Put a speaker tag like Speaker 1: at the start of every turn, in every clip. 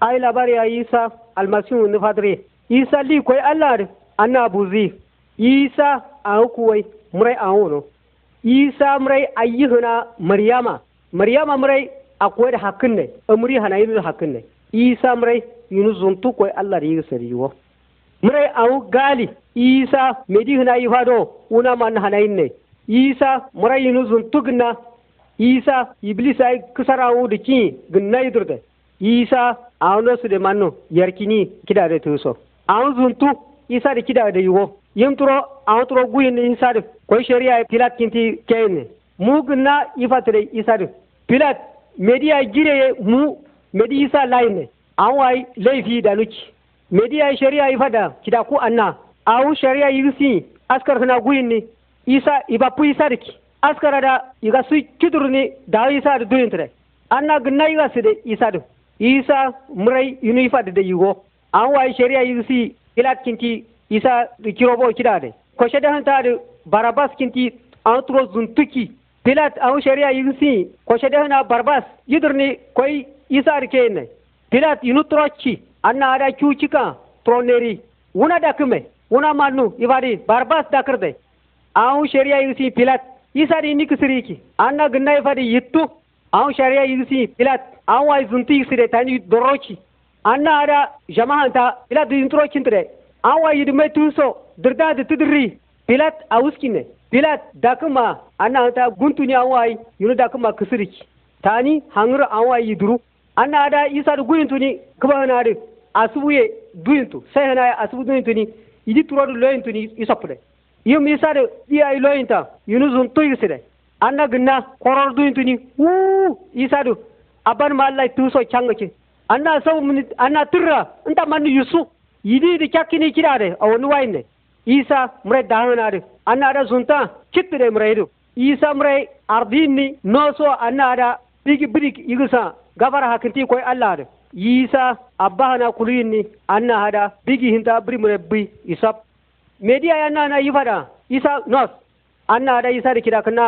Speaker 1: ai labari ya isa almasihu ni fadre isa li koy allah anna buzi isa a kuwai murai a wono isa murai ayyuhuna maryama maryama murai akwai da hakin ne amuri hana da hakin ne isa murai yunu zuntu koy allah yi sariwo murai a gali isa medihuna yi fado una man hana yin ne isa murai yunu zuntu gina isa iblisa kisarawu da kin gina yidurde isa sude manno yarkini da tuso awon zuntu isade kidade yuwo yimturo awon turo guyinni da koy sharia e pilat kinti keyne mugna isa da pilat media gire mu medi isa layne awon ay laifi nuki media e sharia ifada kida ku anna awon sharia yirsi askar kana guyinni isa ibapu ki askara da iga su kidurni da isa da duyintire anna gna iga isa isadu isa murai yuni fadi da yugo an wai sharia yusi ilat kinti isa kirobo kidade ko sheda hanta da barabas kinti an tro zuntuki pilat an sharia yusi ko sheda hana barbas yidurni koi isa rikene pilat yunu trochi anna ada cucika troneri wuna dakume wuna manu ibadi barbas dakirde an sharia yusi pilat isa di nikisiriki anna gunna ifadi yittu an sharia yusi pilat an wai zunti sire tani doroki anna ada jama'anta ila din trokin tire an wai yidume tuso dirda de tidri pilat awuskine pilat dakuma anna ta guntuni an wai yunu dakuma kisiriki tani hangru an wai yiduru anna ada isa du guintuni kuba hanade asubuye duintu sai ya asubu duintuni idi turodu loyintuni isopre yum isa de iya loyinta yunu zuntu sire anna gna koror duintuni wu isa du አባን ማል ላይ ትውሶ ቻንገች አና ሰው ምን አና ትራ እንታ ማን ይሱ ይዲ ዲቻኪን ይችላል አወኑ ዋይነ ኢሳ ምሬ ዳህናር አና አዳ ዙንታ ቺት ደ ምሬዱ ኢሳ ምሬ አርዲኒ ኖሶ አና አዳ ቢግ ብሪክ ይግሳ ጋባራ ሀክንቲ ኮይ አላር ይሳ አባህና ኩሉይኒ አና ሀዳ ቢግ ይህንታ ብሪ ምረብ ይሳብ ሜዲያ ያና ና ይፈዳ ይሳ ኖስ አና ሀዳ ይሳ ድኪዳክና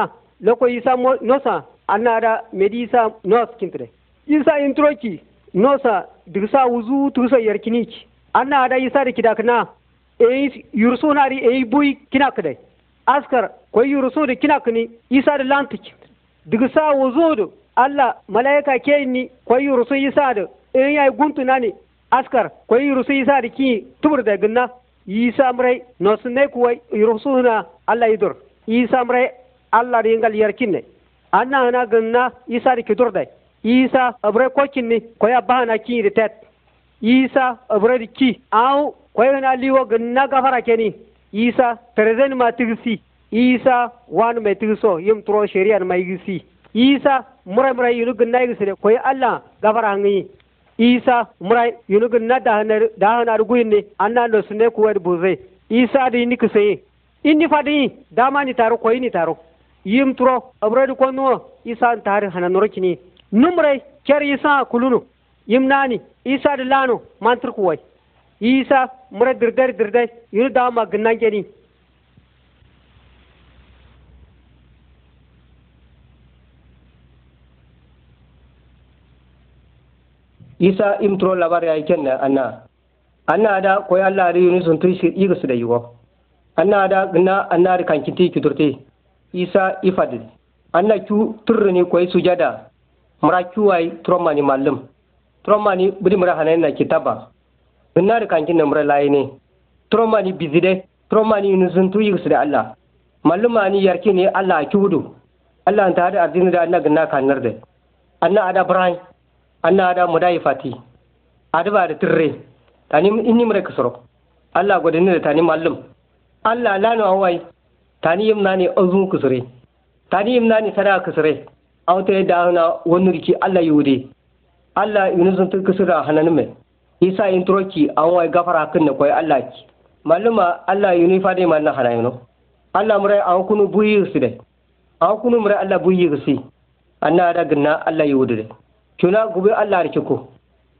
Speaker 1: ለኮ ይሳ ኖሳ annara medisa nos kintre isa introki nosa dirsa wuzu tursa yarkiniki anna ada isa de kidakna e yursunari e bui kinakde askar koy yursu da kinakni isa de lantik dirsa wuzu do alla malaika kenni koy yursu isa da in yai guntuna nani askar koy yursu isa da ki tubur de ginna isa mrai nosu ne kuwa yursu na alla idur isa mrai alla ringal yarkinne anna hana ganna isa da kidur dai isa abre kokin ne ko ya ba na ki da tet isa abre da ki au ko ya na liwo ganna gafara ke ni isa terezen ma tigsi isa wan me tigso yim tro shari'a ma gisi isa murai murai yunu ganna gisi da ko ya Allah gafara ngi isa murai yunu ganna da hanar da hanar guyin ne annan da sune kuwar buze isa da yini inni fadi dama ni taro ko ni taro yim turo abradi konno isa antari hananoro kini numre ker isa kulunu yimnani isa de lano mantir kuwai isa mura dirgar dirgai yuru da ma ginnan keni
Speaker 2: isa imtro labar ya ken na anna anna da koy Allah ri yunusun tushi igus da yiwo anna da gna anna ri kan kinti kidurti isa an anna cu turrini koy sujada mura cuwai tromani mallum tromani budi mara na kitaba gunnar kankinna mara layine tromani bizide tromani yi yigside allah mallumani ne allah a cuudu allah ta hada ardini da anna gunna da. anna ada brai anna ada mudayi fati adaba da tirre tani inni mara kasoro allah godini da tani mallum allah lanu awai tani yimnani ozun kusure tani yimnani sada kusure awte wani riki allah yude allah yunuzun tu kusura mai isa an wai gafara kinne koy allah ki malluma allah yuni fade manna hanayno allah mure an kunu buyi dai an kunu mure allah buyi gisi anna da ganna allah yude de kuna gube allah ko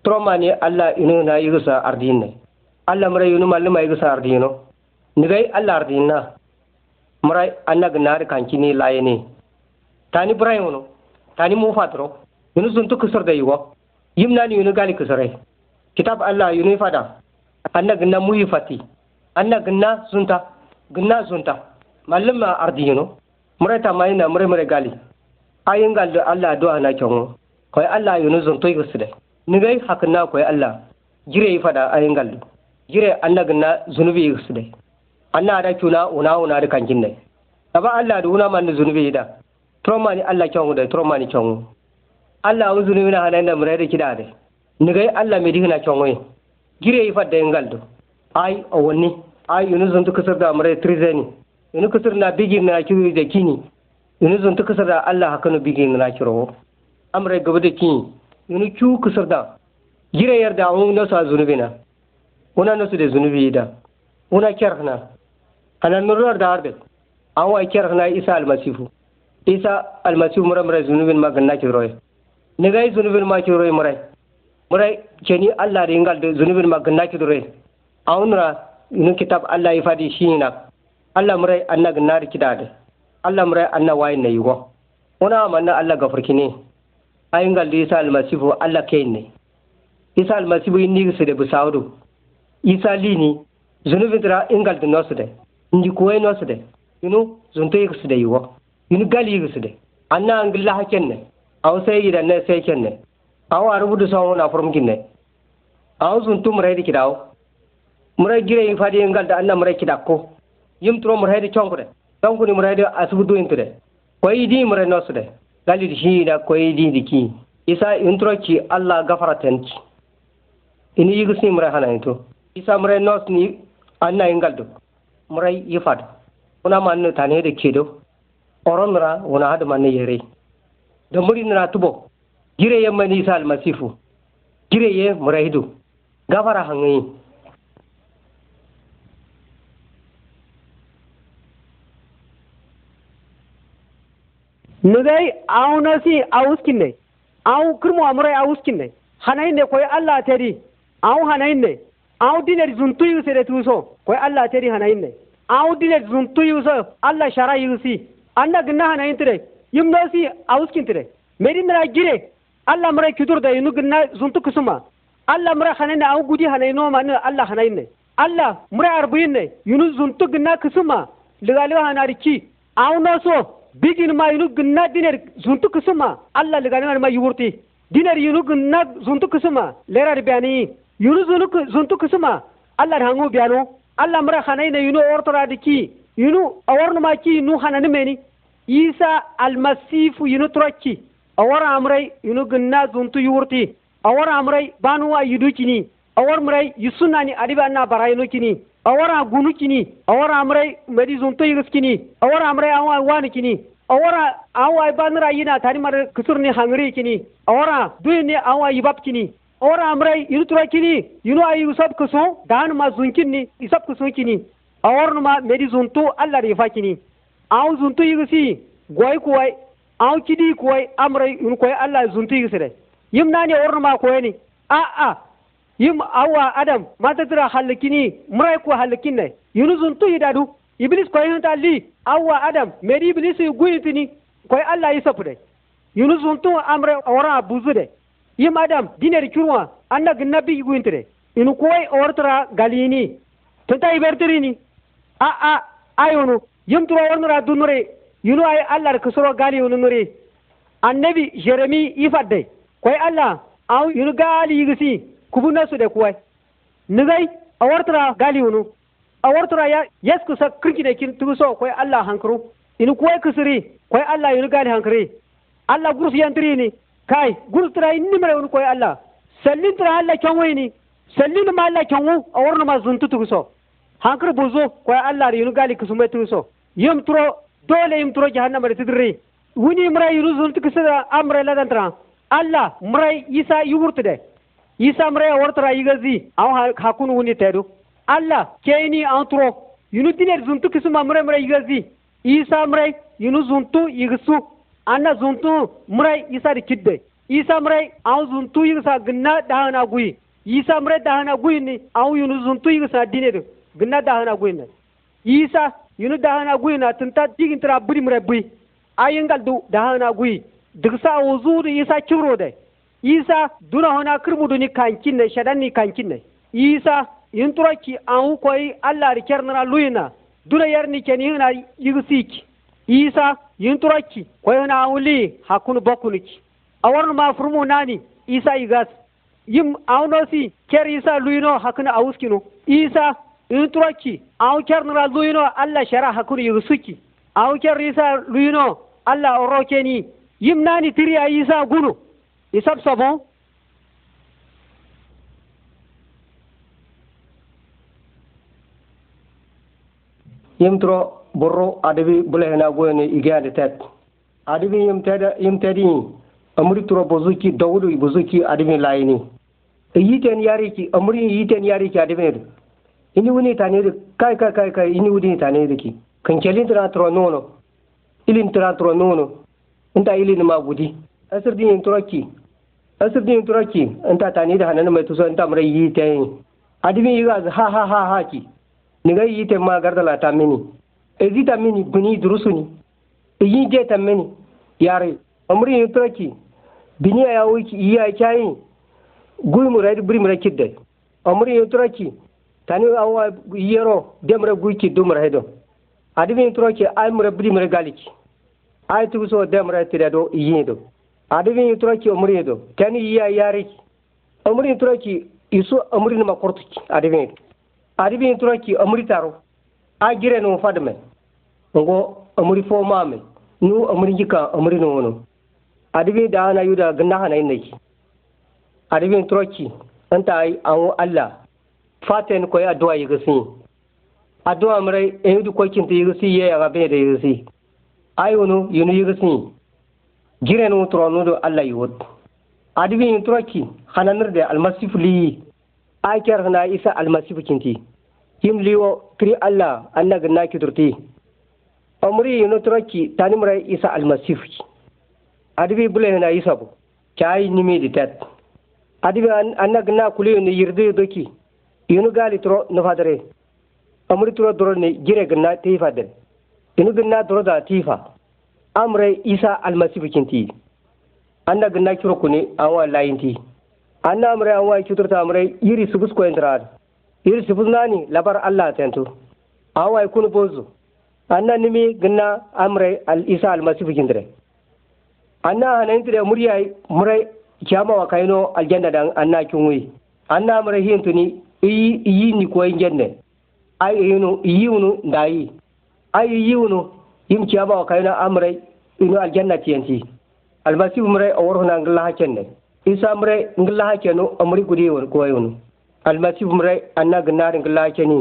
Speaker 2: troma ne allah yuni na yigsa ne. allah mure yuni maluma yigsa ardino dai allah na mara anna gnar kankini layene tani brayo wono tani mu fatro yunu tuk kusur da yugo yimna ni yunu gali kusurai kitab allah yunu fada anna gna mu yifati anna gna sunta gna sunta mallum ardi yuno mura ta mai na mura mura gali ayin gal da allah do ana kyanwo koy allah yunu suntu yusude ni gai hakna koy allah jire fada ayin gal jire anna gna zunubi yusude Allah da cuna una una da kankin kinne aba Allah da una man zunubi da troma ni Allah kyan da troma ni kyan Allah wa zunubi na hanan da murai da kida da ni gai Allah mai dihna kyan wai gire yi fadda ngal do ai awani ai yunu zun tu kasar da murai trizeni yunu kasar na bigin na kiru da kini yunu zun tu kasar da Allah hakanu bigin na kiro amre gaba da kini yunu ku kasar da gire yarda un nasu zunubi na una nasu da zunubi da una kyarhna na kanannurrar da harbe an wa kiyar na isa almasifu isa almasifu mura mura zunubin magan na kiroy ni gai zunubin ma mura murai murai ni allah da ingal da zunubin magan na kiroy nura nu kitab allah ya fadi shi na allah murai anna kida da allah murai anna wayin na yi wani una manna allah farki ne ingal da isa almasifu allah ke ne isa almasifu ni su da busawdu isa lini zunubin tara ingal da nosu dai njikuwai no side yunu zunto yi side yiwo yunu gal yigu side anna angilla hakenne aw sai yi da yidanne sai kenne aw arubudu sawu na forum kinne aw zuntu murai di kidaw murai gire yi fadi ngal da anna murai kidakko yim tro murai di chonkude donkuni murai di asubudu intude koyi di murai no side gali di shi da koyi di diki isa intro ki allah gafaratenki ini yigu si murai hana into isa murai no ni anna ingal duk mrai yifad una manno tane da kedo oronra una hada ya yere da muri na tubo gire ye mani isa almasifu gire ye hidu gafara hangi
Speaker 1: nudai aunasi auskinde au kurmo amrai auskinde ne koy allah tari au ne awdiner zuntu yusere tuso koy allah teri hana hanayinne awdiner zuntu yuso allah shara yusi anna ginna hanayintire yimnosi awuskintire meri nira gire allah mura da yinu ginna zuntu kusuma allah mura ne awu gudi hana hanayinoma ni allah hanayinne allah mura ne yinu zuntu ginna kusuma ligaliwa hanariki awnoso bigin ma yinu ginna diner zuntu kusuma allah ligaliwa ma yurti diner yinu ginna zuntu kusuma lerar biyani yunu zuntu kusuma allah da hangu biyano allah mura hanai na yunu ortora da ki yunu a warnu ma ki nu hanani meni isa almasifu yunu turaki a war amurai yunu gunna zuntu yurti a war banu banuwa yudu kini a war murai yusunani adiba na barayinu kini a wara gunu kini a wara amurai medi zuntu yus kini a war amurai an wani kini awara awa ibanra yina tari mar kusurni hangri kini awara duyni awa ibab kini ora amrai iru tura kini ino ay usab kusu dan ma ni isab kusu kini awor ma meri zuntu allah rifa kini aw zuntu yigusi goy kuwai aw kidi kuwai amrai in koy allah zuntu yigusire yim nani awor ma koyni a a yim awa adam mata tira halkini murai ko halkin ne yunu zuntu yidadu iblis koy hanta li awa adam meri iblis guyitini koy allah yisapde yunu zuntu amrai awara buzude ye madam dineri an na gina bi guintre inu koy ortra galini tenta ni a a ayonu yimtura ornura dunure yinu ay allah kusuro gali nure annabi jeremi ifadde kwai allah aw yinu gali yigisi kubuna su de kuwai nizai a wartura gali wunu a wartura ya yes kusa kirki da kin tuso kwai allah hankuru inu kuwai kusuri kwai allah yinu gali hankuri allah gursu yantiri ni kai gurtura inni mare un koy alla sallin tra alla ini sallin ma alla buzo koy alla ri gali kusume yim dole yim jahannama re tidri wuni la dantra alla isa isa aw hakun wuni tedu alla keini antro yunu zuntu isa yunu zuntu anna zuntu murai isa di kidde isa murai an zuntu sa gna dahana gui isa murai dahana gui ni an yunu zuntu sa dine do gna dahana gui na isa yunu dahana gui na ta digin tra buri murai bui ayingal du dahana gui sa wuzu di isa kibro de isa duna hona kirmudu ni kankin ne shadan ni kankin ne isa in turaki an koyi allah rikiyar nara luyina duna yarni ke ni yana Yi isa ይንጡረቺ ኮይሆነ አውሊ ሀኩኑ በኩንች አወርን ማፍርሙ ናኒ ኢሳ ይጋስ ይም አውኖሲ ኬር ኢሳ ሉይኖ ሀክነ አውስኪኖ ኢሳ ይንጡረቺ አውቸር ንራ ሉይኖ አላ ሸራ ሀኩኑ ይግሱቺ አውቸር ኢሳ ሉይኖ አላ ኦሮኬኒ ይም ናኒ ትሪ አይሳ ጉኑ ይሰብሰቦ
Speaker 2: ይምትሮ burro adibi bulehna goyone igande tet adibi yimtede yimtedi amri turo bozuki dawudu bozuki adibi layini yiten ki amri yiten yariki adibi ini wuni tanedi kai kai kai kai ini wuni tanedi ki kankelin tira turo nono ilin tira turo nono inta ilin ma gudi asirdi yin turaki asirdi yin turaki inta tanedi hanan mai tuso inta amri yiten adibi yiga ha ha ha ha ki yi yiten ma gardala ta mini ezi mini bini durusuni iyi je mini yare amri ni toki bini ya iyi a kai gui rai buri murai kidde amri ni toki tani awa yero demre gui ki dumra hedo adimi ni toki ay murai buri murai galiki ay tu so demre tiredo iyi do adimi ni toki amri ni do tani iya yare amri ni toki isu amri ni makortuki adimi adimi ni toki amri taro agire no fadme ngo amuri fo mame nu amuri jika amuri no adibi da hana yuda ganna hana yin nake adibi troki an ta yi an Allah faten koyi addu'a yi gasi addu'a mure en yudu kokin ta yi gasi ya ya be da yi gasi ayunu yunu yi gasi tro no do Allah yi wot adibi troki hananir da almasifu li aikar na isa almasifu kinti Kim liwo kri Allah anna ganna kidurti omri no troki ta nimura isa ki adibi bule na isa bu ayi nimi ditat adibi anna gna kuli ni yirde doki yunu gali turo na fadare amuri turo dro ne gire ta tifa den yunu gina dro da tifa amura isa almasihu kinti anna gna kiro kuni layin ti anna amre anwa kiturta amre yiri subus ko entrar yiri subus nani labar allah tentu anwa kunu bozu anna nimi gna amre al isa al masih gindre anna hanantire muriyai murai kiyama wa kaino aljanna dan anna kinwe anna murai hintuni ni iyi ni ko ingenne ai yinu yinu dai ai yinu yim kiyama wa kaino Amurai inu aljanna tiyanti al masih murai aworhuna ngalla ne. isa murai ngalla no amri gudi won ko yunu al masih murai anna gnar ngalla hakeni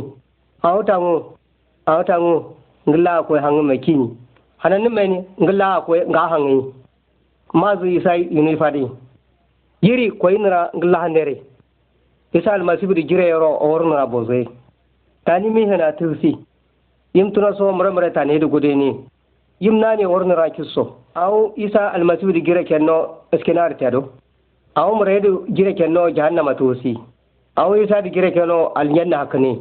Speaker 2: awta ngo awta ngo ngila akwai hanga mai kini hananin mai ni. ngila akwai ga hangin mazu isai yuni fadi yiri ko nira ngila hanere isa masibri jire ro or nira bozai tani mi hana tusi yim tuna so mura mura tani du gude ne yim na ne or nira kisso aw isa masibri jire kenno eskenar tado aw mura yedu jire kenno jahannama tosi aw isa di jire kenno yanna hakni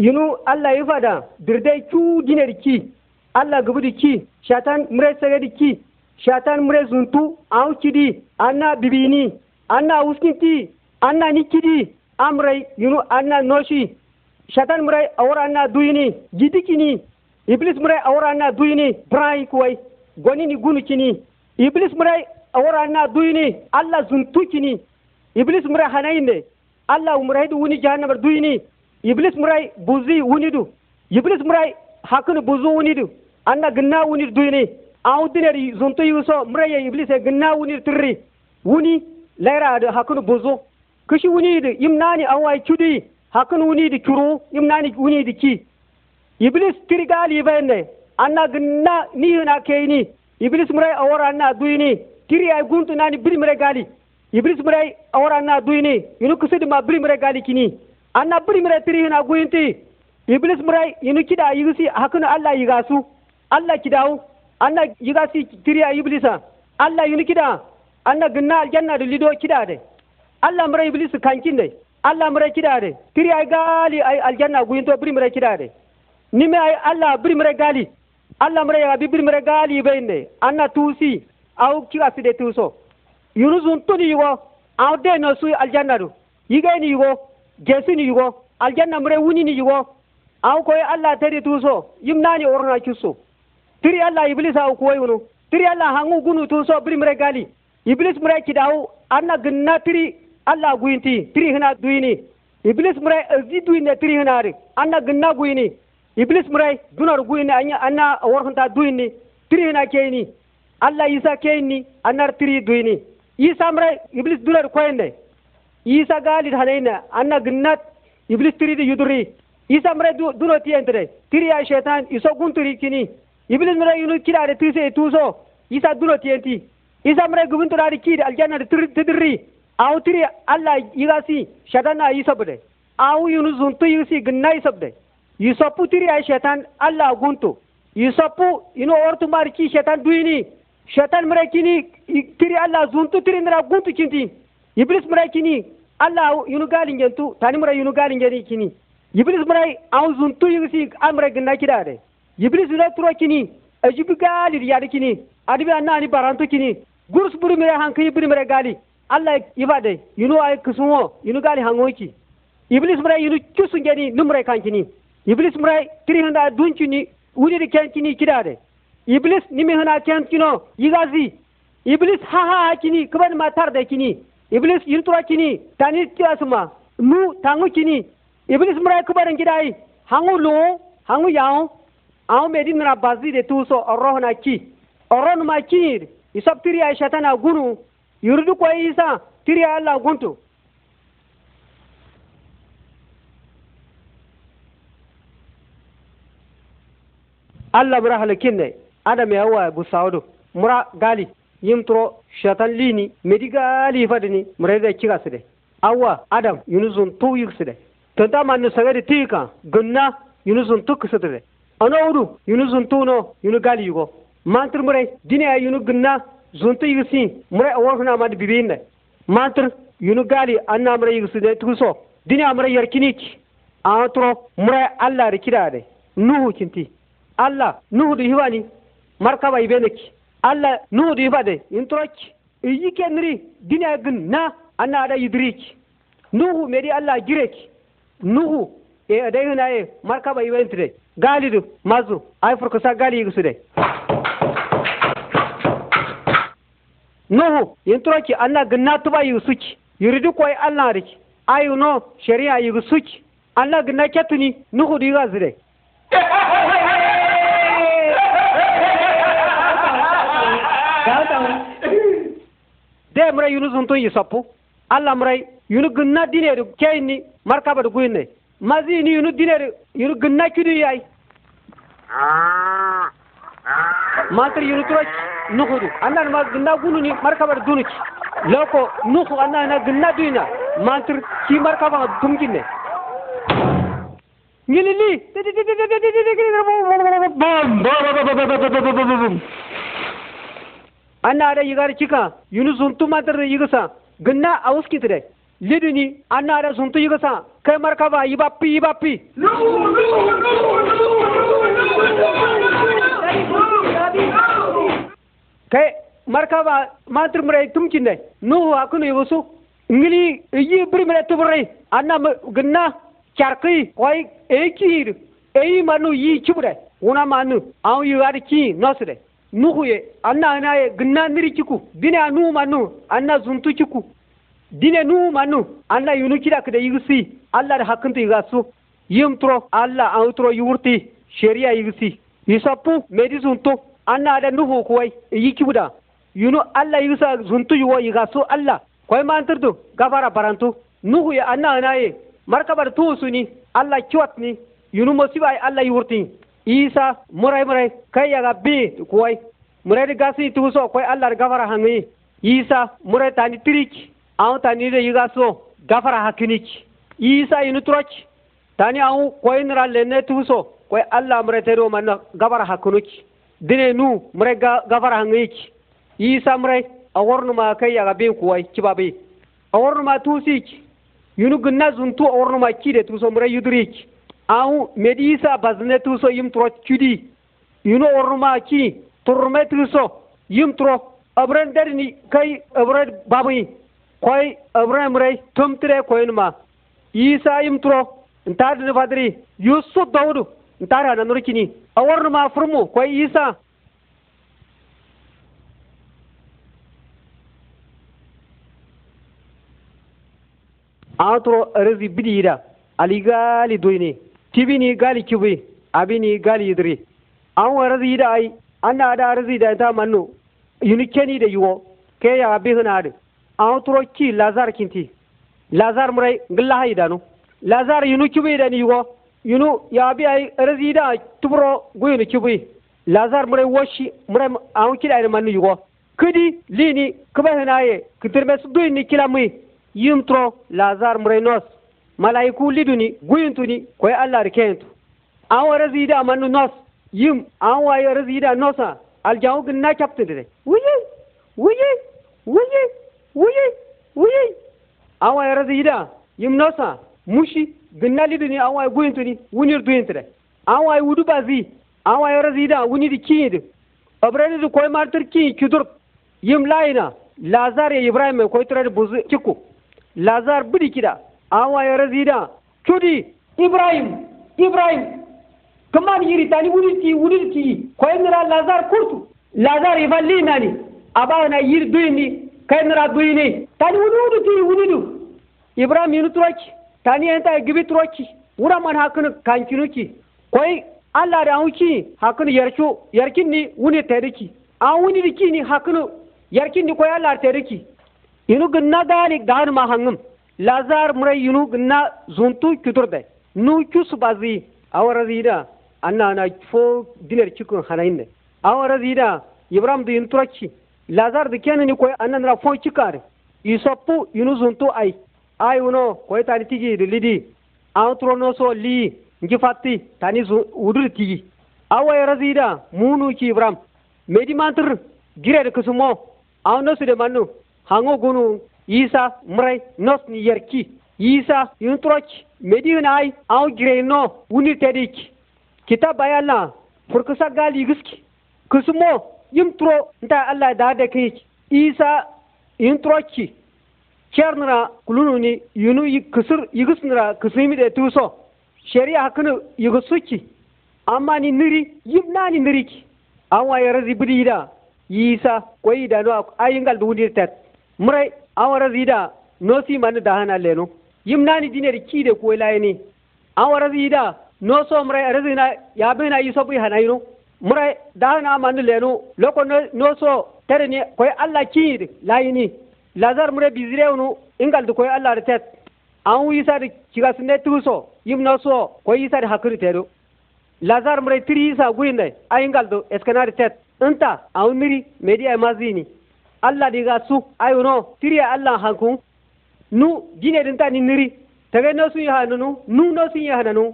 Speaker 1: yunu allah yi fada dirdai cu ki, allah ki, shatan mure ki, shatan mure zuntu an kidi anna bibini anna uskinti anna nikidi amrai yunu anna noshi shatan mure awar anna duyini gidikini iblis mure awar anna duyini brai kuwai gunu kini iblis mure awar anna duyini allah kini iblis mure hanayinde allah umraidu wuni jahannabar duyini iblis murai buzi unidu iblis murai hakunu buzu unidu anna gna wunir duyni awdineri zuntu yuso murai iblis gna unir turri wuni laira da hakunu buzu kishi unidu imnani awai cudi hakunu unidu curu imnani unidu ki iblis tirgali bayne anna gna ni na keini iblis murai awara na duyni tiri ay guntu nani bir murai gali iblis murai awara na duyni yunu kusidi ma bir murai gali kini anna buri mire tiri hina guyinti iblis murai inu kida yigusi hakuna allah yigasu allah kidawu anna yigasi tiri a iblisa allah yinu kida anna ginna aljanna da lido kida de allah murai iblis kankin de allah murai kida de tiri ay gali ay aljanna guyinto buri murai kida de nime ay allah buri murai gali allah murai ya bi buri murai gali beyne anna tusi au kiga de tuso yunuzun tuni yigo aw de no su aljanna du yigeni yigo jesu ni yugo aljanna mure wuni ni yugo aw koy allah tari tuso yimnani orna kisso tiri allah iblis aw koy wono tiri allah hangu gunu tuso bri mure gali iblis mure kidau anna ginna tiri allah guinti tiri hina duini iblis mure zi duini tiri hinari anna ginna guini iblis mure dunar guini anya anna warhunta duini tiri hina keini allah isa keini annar tiri duini isa mure iblis dunar koyende isa galit hanayna anna ginnat iblis tiridi yuduri isa mre du duno tiyentre tiri ya shaitan iso gunturi kini iblis mre yunu kidare tise tuso isa duno tiyenti isa mre gubunturari kidi aljanna tidiri awu tiri allah yigasi shaitan na yisobde awu yunu zuntu yigsi ginna yisobde yisopu tiri ya shaitan allah guntu yisopu ino ortu mari ki shaitan duini shaitan mre kini tiri allah zuntu tiri nra guntu kinti iblis mre kini አላሁ ዩኑጋል እንጀንቱ ታኒ ሙራ ዩኑጋል እንጀኒ ኪኒ ይብሊስ ሙራይ አሁን ዙንቱ ይግሲ አምረ ግና ኪዳደ ይብሊስ ነትሮ ኪኒ እጅብ ጋል ይያድ ኪኒ አድቢያና አኒ ባራንቱ ኪኒ ጉርስ ቡሪ ምረ ሃንክ ይብሪ ምረ ጋሊ አላ ይባደ ይኑ አይ ክስሞ ይኑ ጋሊ ሃንጎቺ ይብሊስ ሙራይ ይኑ ቹስ እንጀኒ ንምረ ካንቺኒ ይብሊስ ሙራይ ትሪህና ዱንቺኒ ውዲድ ኬንቺኒ ኪዳደ ይብሊስ ንሚህና ኬንቺኖ ይጋዚ ይብሊስ ሃሃ ኪኒ ክበን ማታርደ ኪኒ iblis yin tura kini tani kira suma mu tangu kini iblis mura kubaran gidai hangu lu hangu yao aw medi nana bazi de tuso orro na ki orro ma ki isab tiri ay shatana gunu yurdu ko isa tiri alla guntu Allah mura halakin ne adam ya wa busawdo mura gali shatan yimtro ni, medigali fadini murede kigasde awa adam yunuzun tu yi yigsde tonta mannu sagade tika gunna yunuzun tu ksde ana udu yunuzun tu no yunu gali yugo mantir mure dine yunu gunna zuntu yigsi mure awonhna mad bibinne mantir yunu gali anna mure yigsde tuso dine amre yarkiniki antro mure allah rikidade nuhu kinti allah nuhu du hiwani markaba ibeneki alla nuud yifade intoroc iyyi kenri dina gin na anna ada yidirik nuhu meri Allah girek nuhu e adayina e markaba iwentire gaalidu mazu ay furkusa gaali yigisude nuhu intoroci anna ginna tuba yigisuci yuridi koy allanrik ayuno sharia yigisuci anna ginna kettuni nuhu digazire mre yunus huntun yi soppu alla mre yunu gunna dineedu keyinni markabadu guyinne mazini yunu dineedu yunu gunna cudu yay mantir yunu turoc nuhudu annan ma gunna gununi markabadu dunuci loko nuhu gunna duyna mantir ki markaba tumkinne ngilili annaara yigari chika yunu suntu matar yigasa ganna awus kitire lidini annaara suntu yigasa kai markaba yibappi yibappi no no no kai markaba matar mure tumkinne no akunu yusu ngili yi brimre tubre anna ganna charqi koy ekir ei manu yi chibre una manu au yigari chi nosre nuhuye anna ye. ginna niri ciku dine anu manu anna zuntu ciku dine nu manu anna yunu kida kida yigisi, allah da hakkintu yigasu yim turo allah an turo yiwurti shari'a yigsi yisappu medi zuntu anna da nuhu kuwai yi da. yunu allah yigsa zuntu yuwa yigasu allah koy mantirdu gafara barantu nuhuye anna ye. markabar tuusuni allah kiwatni yunu mosiba ay allah yiwurti isa murai murai kai yaga bi kuwai murai gasi si tu so koi allah gafara hangi isa murai tani trik an tani de yiga so gafara hakinik isa inu turach tani an koi nira lene tu so koi allah murai tero man gafara hakunik dine nu murai gafara hangi isa murai a warnu ma kai yaga bi kuwai kibabi a warnu ma tu sik yunu gunna zuntu a warnu ma ki de tu so murai yudrik aw medisa bazne tuso yim tro cudi yuno orma ki turme tuso yim tro abran darni kai abran babu koy abran mre tomtre koynma isa yim tro ntar ne fadri yusuf daudu ntar ana nurkini awarma furmu koy isa atro rezi bidira aligali doyne Tibi ni gali kibi abini gali idri an warazi da ai an na da razi da ta manno yunikeni da yuwo ke ya abi hina da an turo ki lazar kinti lazar murai gilla haida no lazar yunu kibi da ni yuwo yunu ya abi ai razi da tubro guyinu kibi lazar murai woshi, murai an ki da manno yuwo kidi lini kibai hina ye kitirbe su duyin ni kila mui yimtro lazar murai nos malaiku liduni guyintuni koy allah rikeyentu an wa zida mannu nos yim an wa razida nosa aljahu ginna dire wuyi wuyi wuyi wuyi wuyi an wa razida yim nosa mushi ginna liduni an wa guyintuni wunir duyintire an wa wudu bazi an wa razida wunidi kiyidi obrenidi koy martir kiyi kidur yim layina lazar ya ibrahim koy tiradi buzu kiku lazar bidi kida awa Ama yarazida chudi Ibrahim Ibrahim kaman yiri tani wulilti wulilti koyenira lazar kurtu lazar ivallinani abana yiri duyni kayenira duyni tani wuludu ti wudu Ibrahim yinu turaki tani enta gibi turaki wuraman hakını kankinuki koy Allah da hakun yarcho yarkin ni wuni teriki an wuni ni dikini hakını yarkinni koy Allah teriki inu gunna dani gan mahangım lazar murai yinu gna zuntu kudurde nu kusu bazi awara zida anna na fo dinar cikun hanainde awara zida ibram du yinturachi lazar du kenani koy anna na fo cikare isoppu yinu zuntu ai ai uno koy tani tigi du lidi antrono so li ngi fatti tani udur tigi awara zida munu ki ibram medimantir gire de kusumo awno su de manu hango gunu ይሳስ ምረይ ኖስኒ የርኪ ይሳስ ይንጥሮች ሜዲን አይ አው ጅሬኖ ውኒ ቴዲች ኪታብ አያላ ፍርክሳ ጋል ይግስኪ ክስሞ ይምጥሮ እንታ አላ ዳደክች ኢሳ ይንጥሮች ቸርንራ ኩሉኑኒ ይኑ ክስር ይግስንራ ክስሚሚደ ትውሶ ሸሪያ ክን ይግሱች አማኒ ንሪ ይምናኒ ንሪች አዋ የረዚ ብድይዳ ይሳ ቆይዳ ኖ አይንጋል ብውዲርተት ምረይ awara zida no si man hana leno yimnani ki kide ko layni awara zida no so mra arzina yabena yisobu hanayno da hana man leno loko no so ne koy allah ki kiid layni lazar mra bizirewnu ingal da koy allah retet an sa wisar kigasne tuso yimno so koy hakuri hakritedo lazar mure tri sa guinde ay ingal du eskenar tet anta awniri medi amazini allah diga su ayuno tiriya allah hanku nu gine din ta niri tage no sun yahananu nu no sun yahananu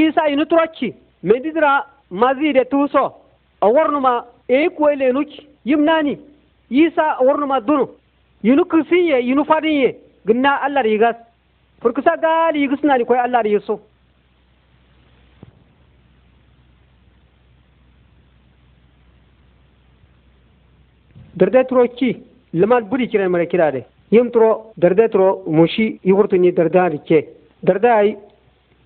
Speaker 1: isa inu turachi medidra mazide tuso ma e kuwele nuki yimnani isa ma dunu yinu kirsiye yinu fadinye ginna allah diga furkusa gali ni koy allah digiso derde turo ki limal budi kiran mara kirade yim turo derde turo mushi yuhurtuni darda rike darda ay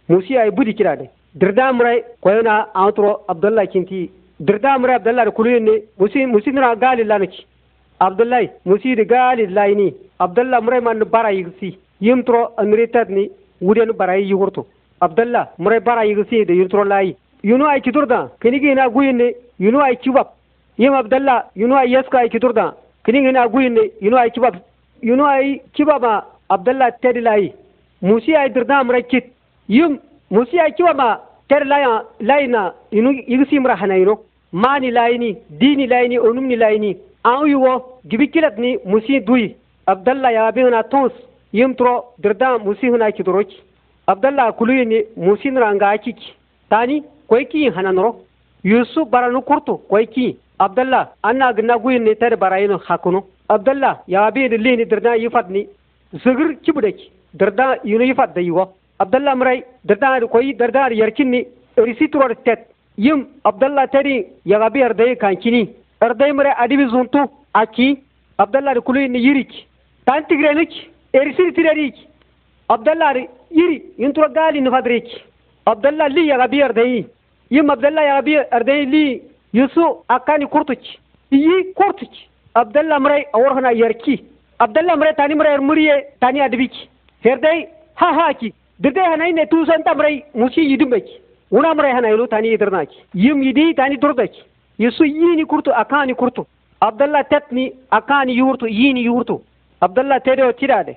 Speaker 1: musi ay budi kirade darda mura koyona an turo abdullah kinti darda mura abdullah da kuluyenne musi musi na gali lanaki abdullah musi da gali laini abdullah mura man bara yigsi yim turo anritat ni wuden bara yuhurtu abdullah mura bara yigsi da yim turo layi yuno ay kidurda kinigi na guyinne yuno ay kibab yim abdalla yuno ay yesko ay kiturda kini ina guyne yuno ay kibab yuno ay kibaba uh, abdalla tedilai musi ay dirda amrakit yim musi ay kibaba ter laya laina inu ni mra hanayro mani laini dini laini onumni laini an yuwo gibikilat ni musi dui abdalla ya bi huna tons yim tro dirda musi huna kidurok abdalla kuluyini musi nranga ki tani koyki hananro yusuf baranu kurtu koyki abdallah anna gna guin ne tar barayino hakuno abdallah ya bi lini dirna yifadni zigir kibudaki dirda yunu yifadda yiwa abdallah murai, dirda ar koyi dirda ar yarkinni risitror tet yim abdallah tari ya bi ardai kankini ardai mrai adibi zuntu aki abdallah ar kulini yirik tantigrenik erisir tirerik abdallah ar yiri yintro gali nifadrik abdallah li ya bi ardai yim abdallah ya bi ardai li yusu akkani kurtuci iyi kurtuci abdalla mrai aworhana yarki abdalla mrai tani mrai muriye tani adbiki herdai ha ha ki dirde hanai ne tu santa mrai musi yidumbeki una mrai hanai lu tani idirnaki yim yidi tani durdaki yusu yini kurtu akani kurtu abdalla tetni akani yurtu yini yurtu abdalla tedo tirade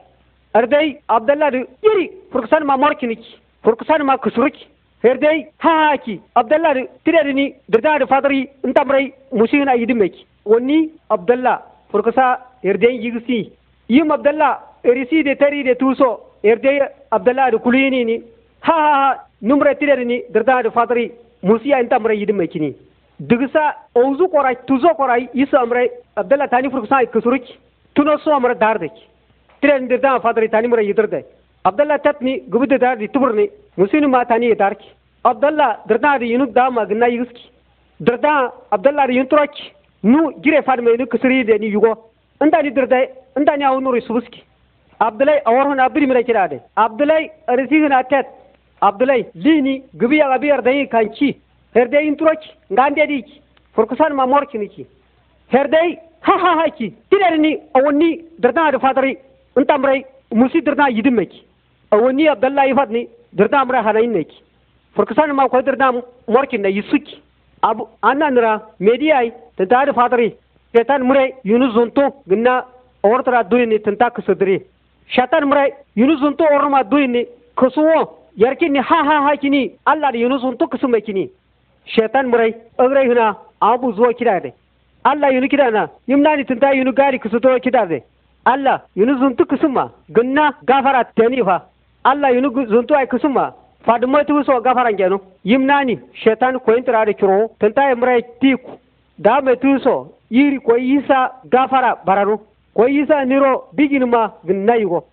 Speaker 1: ardai abdalla yiri furkusan ma morkiniki furkusan ma kusuriki herdey haaki abdallah tiredini dirda da fatari intamrai musina meki Wani abdallah furkasa herdey yigisi yim abdallah erisi de tari de tuso herdey abdallah da kulini ni ha ha ha numre tiredini dirda da fatari musiya intamrai meki ni digisa onzu koray tuzo isa isamrai abdallah tani furkasa kusurik tuno somra dardek tiredini dirda fatari tani mura yidirde abdalla ni gubi da di tuburni musini matani ya darki abdalla dirda da yinu da magna yuski dirda abdalla da yuntroki nu gire fadme nu kusiri da ni yugo inda ni dirda inda ni awun nuri subuski abdulai awarhun abri mira kirade abdulai risihna tet abdulai lini gubi ya gabi yin kanki herde yuntroki ngande diki furkusan ma morki niki herde ha ha ha ki tilerini awonni dirda da fadari intamrai musi dirda yidimeki እውኒ አብደላ ይፈትኒ ድርዳም ራ ሀናይነች ፍርክሳን ማ ኮይ ድርዳም ሞርኪነ ይሱኪ አቡ አና ንራ ሜዲያይ ትንታድ ፋጥሪ ሸታን ምሬ ዩኑስ ዞንቶ ግና ኦርትራ ዱይኒ ትንታ ክስድሪ ሸታን ምሬ ዩኑስ ዞንቶ ኦርማ ዱይኒ ክስዎ የርኪኒ ሃሃሃኪኒ አላድ ዩኑስ ዞንቶ ክስመኪኒ ሸታን ምሬ እብሬ ሁና አቡ ዝዎ ኪዳደ አላ ዩኑ ኪዳና ይምናኒ ትንታ ዩኑ ጋሪ ክስቶ ኪዳደ አላ ዩኑስ ዞንቶ ክስማ ግና ጋፈራ ተኒፋ allah yunugu zuntu ay kusuma fadumati wuso gafarangenu yimnani shetan koyintirade curo tenta emrai tiku dame so yiri ko isa gafara bararu? ko isa niro biginma ginnayugo